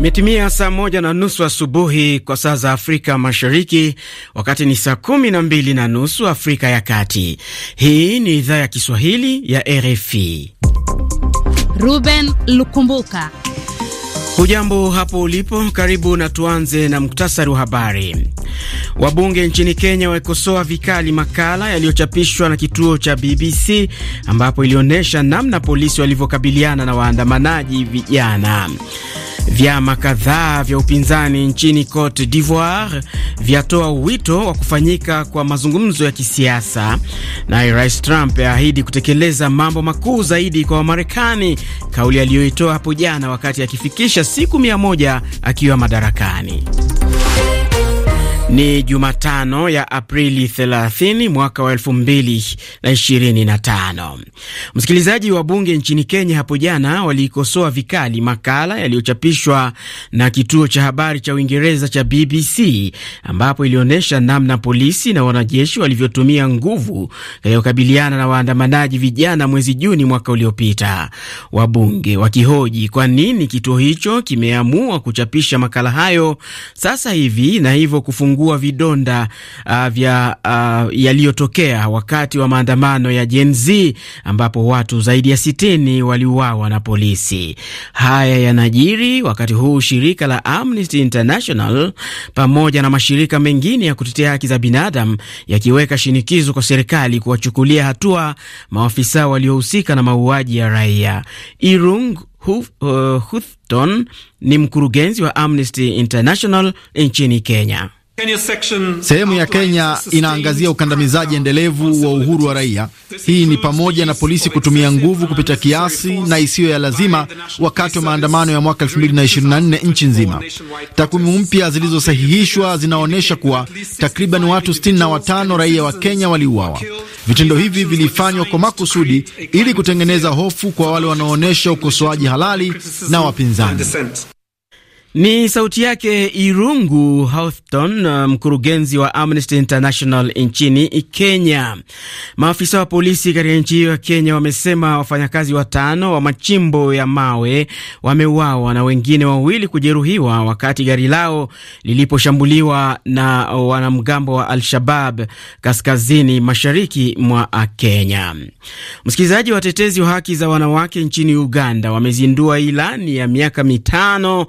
Imetimia saa moja na nusu asubuhi kwa saa za Afrika Mashariki, wakati ni saa kumi na mbili na nusu Afrika ya Kati. Hii ni idhaa ya Kiswahili ya RFI. Ruben Lukumbuka, hujambo hapo ulipo? Karibu na tuanze na muktasari wa habari. Wabunge nchini Kenya waikosoa vikali makala yaliyochapishwa na kituo cha BBC ambapo ilionyesha namna polisi walivyokabiliana na waandamanaji vijana. Vyama kadhaa vya upinzani nchini Cote d'Ivoire vyatoa wito wa kufanyika kwa mazungumzo ya kisiasa, naye Rais Trump yaahidi kutekeleza mambo makuu zaidi kwa Wamarekani, kauli aliyoitoa hapo jana wakati akifikisha siku mia moja akiwa madarakani. Ni Jumatano ya Aprili 30 mwaka wa 2025. Msikilizaji wa bunge nchini Kenya hapo jana waliikosoa vikali makala yaliyochapishwa na kituo cha habari cha Uingereza cha BBC ambapo ilionyesha namna polisi na wanajeshi walivyotumia nguvu yaliyokabiliana na waandamanaji vijana mwezi Juni mwaka uliopita. Wabunge wakihoji kwa nini kituo hicho kimeamua kuchapisha makala hayo sasa hivi na hivyo kufungua kuugua vidonda uh, vya uh, yaliyotokea wakati wa maandamano ya Gen Z ambapo watu zaidi ya sitini waliuawa na polisi. Haya yanajiri wakati huu shirika la Amnesty International pamoja na mashirika mengine ya kutetea haki za binadamu yakiweka shinikizo kwa serikali kuwachukulia hatua maafisa waliohusika na mauaji ya raia. Irung Huthton uh, ni mkurugenzi wa Amnesty International nchini Kenya. Sehemu ya Kenya inaangazia ukandamizaji endelevu wa uhuru wa raia. Hii ni pamoja na polisi kutumia nguvu kupita kiasi na isiyo ya lazima wakati wa maandamano ya mwaka 2024 nchi nzima. Takwimu mpya zilizosahihishwa zinaonyesha kuwa takriban watu 65 raia wa Kenya waliuawa. Vitendo hivi vilifanywa kwa makusudi ili kutengeneza hofu kwa wale wanaoonyesha ukosoaji halali na wapinzani. Ni sauti yake Irungu Houghton, uh, mkurugenzi wa Amnesty International nchini Kenya. Maafisa wa polisi katika nchi hiyo ya Kenya wamesema wafanyakazi watano wa machimbo ya mawe wameuawa na wengine wawili kujeruhiwa wakati gari lao liliposhambuliwa na wanamgambo wa Al-Shabab kaskazini mashariki mwa Kenya. Msikilizaji, watetezi wa haki za wanawake nchini Uganda wamezindua ilani ya miaka mitano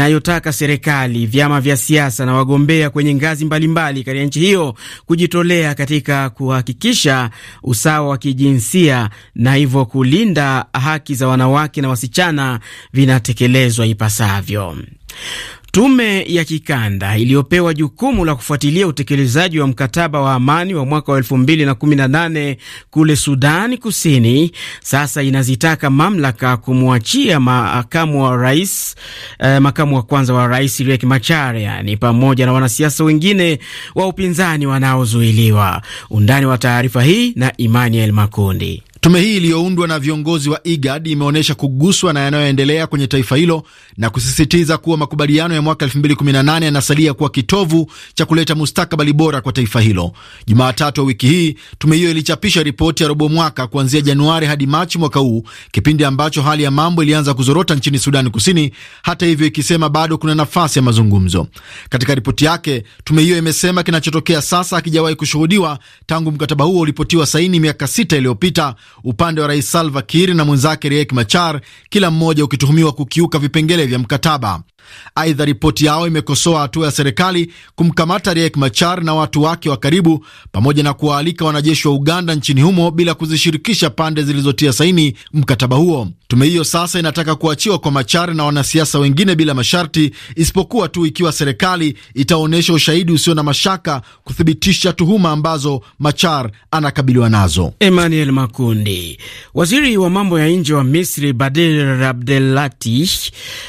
inayotaka serikali, vyama vya siasa na wagombea kwenye ngazi mbalimbali katika nchi hiyo kujitolea katika kuhakikisha usawa wa kijinsia na hivyo kulinda haki za wanawake na wasichana vinatekelezwa ipasavyo. Tume ya kikanda iliyopewa jukumu la kufuatilia utekelezaji wa mkataba wa amani wa mwaka wa 2018 kule Sudani Kusini sasa inazitaka mamlaka kumwachia makamu wa rais, eh, makamu wa kwanza wa rais Riek Machar, yani pamoja na wanasiasa wengine wa upinzani wanaozuiliwa. Undani wa taarifa hii na Emmanuel Makundi. Tume hii iliyoundwa na viongozi wa IGAD imeonyesha kuguswa na yanayoendelea kwenye taifa hilo na kusisitiza kuwa makubaliano ya mwaka 2018 yanasalia kuwa kitovu cha kuleta mustakabali bora kwa taifa hilo. Jumatatu wa wiki hii, tume hiyo ilichapisha ripoti ya robo mwaka kuanzia Januari hadi Machi mwaka huu, kipindi ambacho hali ya mambo ilianza kuzorota nchini Sudani Kusini, hata hivyo ikisema bado kuna nafasi ya mazungumzo. Katika ripoti yake, tume hiyo imesema kinachotokea sasa hakijawahi kushuhudiwa tangu mkataba huo ulipotiwa saini miaka sita iliyopita upande wa Rais Salva Kiir na mwenzake Riek Machar, kila mmoja ukituhumiwa kukiuka vipengele vya mkataba. Aidha, ripoti yao imekosoa hatua ya serikali kumkamata Riek Machar na watu wake wa karibu pamoja na kuwaalika wanajeshi wa Uganda nchini humo bila kuzishirikisha pande zilizotia saini mkataba huo. Tume hiyo sasa inataka kuachiwa kwa Machar na wanasiasa wengine bila masharti, isipokuwa tu ikiwa serikali itaonyesha ushahidi usio na mashaka kuthibitisha tuhuma ambazo Machar anakabiliwa nazo. Emmanuel Makundi. Waziri wa mambo ya nje wa Misri Badir Abdelatih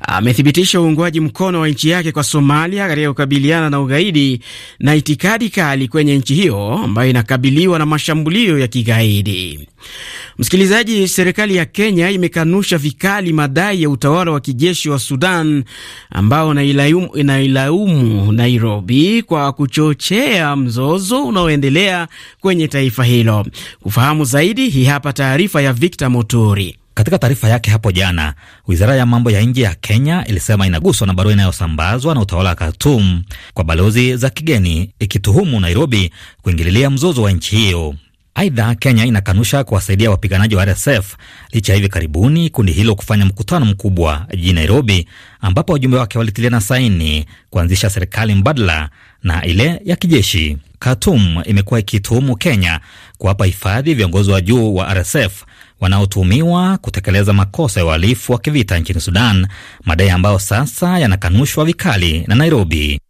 amethibitisha uungwaji mkono wa nchi yake kwa Somalia katika kukabiliana na ugaidi na itikadi kali kwenye nchi hiyo ambayo inakabiliwa na mashambulio ya kigaidi. Msikilizaji, serikali ya Kenya imekanusha vikali madai ya utawala wa kijeshi wa Sudan ambao inailaumu Nairobi kwa kuchochea mzozo unaoendelea kwenye taifa hilo. Kufahamu zaidi, hii hapa taarifa ya Victor Moturi. Katika taarifa yake hapo jana, wizara ya mambo ya nje ya Kenya ilisema inaguswa na barua inayosambazwa na utawala wa Khartoum kwa balozi za kigeni ikituhumu Nairobi kuingililia mzozo wa nchi hiyo. Aidha, Kenya inakanusha kuwasaidia wapiganaji wa RSF licha ya hivi karibuni kundi hilo kufanya mkutano mkubwa jijini Nairobi, ambapo wajumbe wake walitiliana saini kuanzisha serikali mbadala na ile ya kijeshi. Khartoum imekuwa ikituhumu Kenya kuwapa hifadhi viongozi wa juu wa RSF wanaotuhumiwa kutekeleza makosa ya uhalifu wa kivita nchini Sudan, madai ambayo sasa yanakanushwa vikali na Nairobi.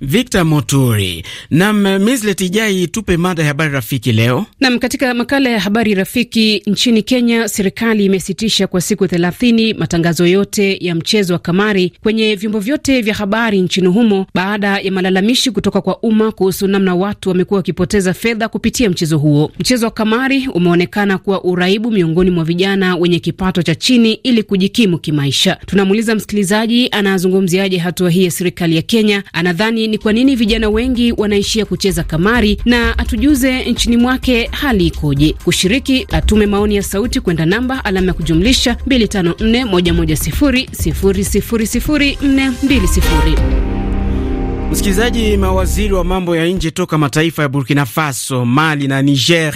Victor Moturi. Nam Mislet Ijai, tupe mada ya habari rafiki leo. Nam, katika makala ya habari rafiki, nchini Kenya serikali imesitisha kwa siku thelathini matangazo yote ya mchezo wa kamari kwenye vyombo vyote vya habari nchini humo baada ya malalamishi kutoka kwa umma kuhusu namna watu wamekuwa wakipoteza fedha kupitia mchezo huo. Mchezo wa kamari umeonekana kuwa uraibu miongoni mwa vijana wenye kipato cha chini ili kujikimu kimaisha. Tunamuuliza msikilizaji anazungumziaje hatua hii ya serikali ya Kenya, anadhani ni kwa nini vijana wengi wanaishia kucheza kamari, na atujuze nchini mwake hali ikoje. Kushiriki atume maoni ya sauti kwenda namba alama ya kujumlisha 254110000420. Msikilizaji, mawaziri wa mambo ya nje toka mataifa ya Burkina Faso, Mali na Niger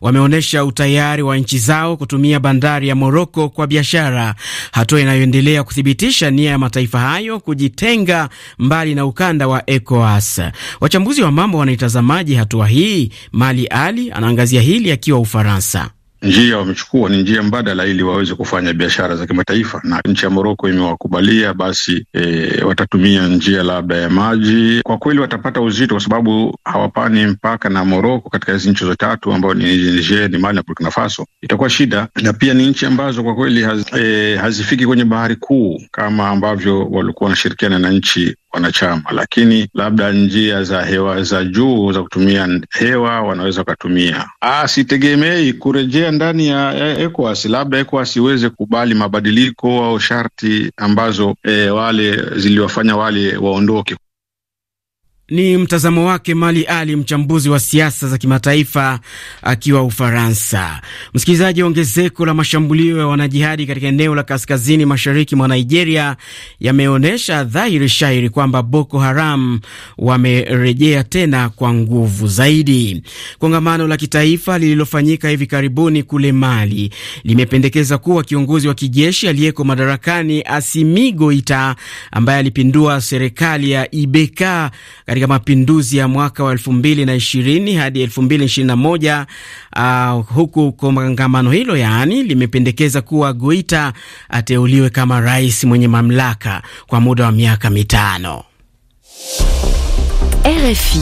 wameonyesha utayari wa nchi zao kutumia bandari ya Moroko kwa biashara, hatua inayoendelea kuthibitisha nia ya mataifa hayo kujitenga mbali na ukanda wa ECOWAS. Wachambuzi wa mambo wanaitazamaji hatua hii? Mali Ali anaangazia hili akiwa Ufaransa njia wamechukua ni njia mbadala ili waweze kufanya biashara za kimataifa, na nchi ya Moroko imewakubalia basi, e, watatumia njia labda ya maji. Kwa kweli watapata uzito, kwa sababu hawapani mpaka na Moroko katika hizi nchi hizo tatu ambayo ni Niger, ni Mali na Burkina Faso, itakuwa shida, na pia ni nchi ambazo kwa kweli haz, e, hazifiki kwenye bahari kuu kama ambavyo walikuwa wanashirikiana na nchi wanachama, lakini labda njia za hewa za juu za kutumia hewa wanaweza wakatumia. Ah, sitegemei kurejea ndani ya ECOWAS, labda ECOWAS iweze kubali mabadiliko au sharti ambazo e, wale ziliwafanya wale waondoke. Ni mtazamo wake Mali Ali, mchambuzi wa siasa za kimataifa akiwa Ufaransa. Msikilizaji, ongezeko la mashambulio ya wanajihadi katika eneo la kaskazini mashariki mwa Nigeria yameonyesha dhahiri shahiri kwamba Boko Haram wamerejea tena kwa nguvu zaidi. Kongamano la kitaifa lililofanyika hivi karibuni kule Mali limependekeza kuwa kiongozi wa kijeshi aliyeko madarakani Asimi Goita, ambaye alipindua serikali ya Ibeka katika mapinduzi ya mwaka wa elfu mbili na ishirini hadi elfu mbili ishirini na moja uh, huku kongamano hilo yaani limependekeza kuwa Guita ateuliwe kama rais mwenye mamlaka kwa muda wa miaka mitano. RFI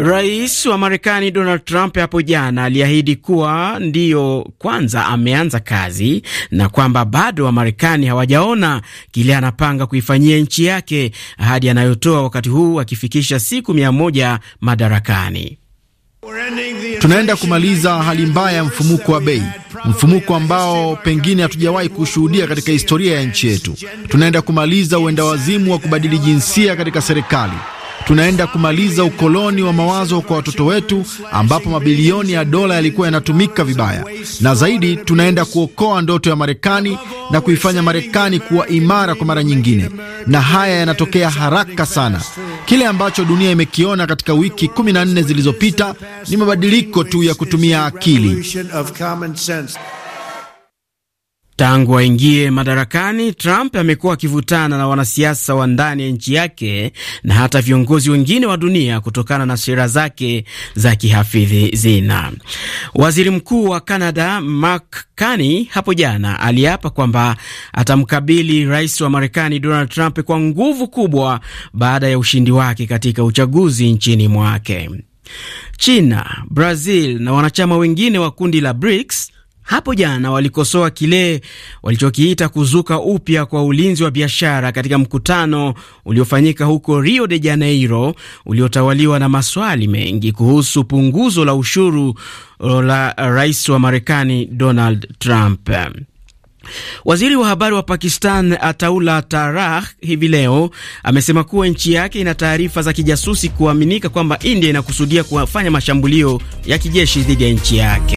Rais wa Marekani Donald Trump hapo jana aliahidi kuwa ndiyo kwanza ameanza kazi na kwamba bado Wamarekani hawajaona kile anapanga kuifanyia nchi yake, ahadi anayotoa wakati huu akifikisha siku mia moja madarakani. Tunaenda kumaliza hali mbaya ya mfumuko wa bei, mfumuko ambao pengine hatujawahi kushuhudia katika historia ya nchi yetu. Tunaenda kumaliza uendawazimu wa kubadili jinsia katika serikali tunaenda kumaliza ukoloni wa mawazo kwa watoto wetu, ambapo mabilioni ya dola yalikuwa yanatumika vibaya, na zaidi, tunaenda kuokoa ndoto ya Marekani na kuifanya Marekani kuwa imara kwa mara nyingine, na haya yanatokea haraka sana. Kile ambacho dunia imekiona katika wiki 14 zilizopita ni mabadiliko tu ya kutumia akili. Tangu aingie madarakani, Trump amekuwa akivutana na wanasiasa wa ndani ya nchi yake na hata viongozi wengine wa dunia kutokana na sera zake za kihafidhi zina Waziri Mkuu wa Canada Mark Carney hapo jana aliapa kwamba atamkabili rais wa Marekani Donald Trump kwa nguvu kubwa baada ya ushindi wake katika uchaguzi nchini mwake. China, Brazil na wanachama wengine wa kundi la BRICS hapo jana walikosoa kile walichokiita kuzuka upya kwa ulinzi wa biashara katika mkutano uliofanyika huko Rio de Janeiro uliotawaliwa na maswali mengi kuhusu punguzo la ushuru uh, la rais wa Marekani Donald Trump. Waziri wa habari wa Pakistan Ataula Tarah hivi leo amesema kuwa nchi yake ina taarifa za kijasusi kuaminika kwamba India inakusudia kufanya mashambulio ya kijeshi dhidi ya nchi yake.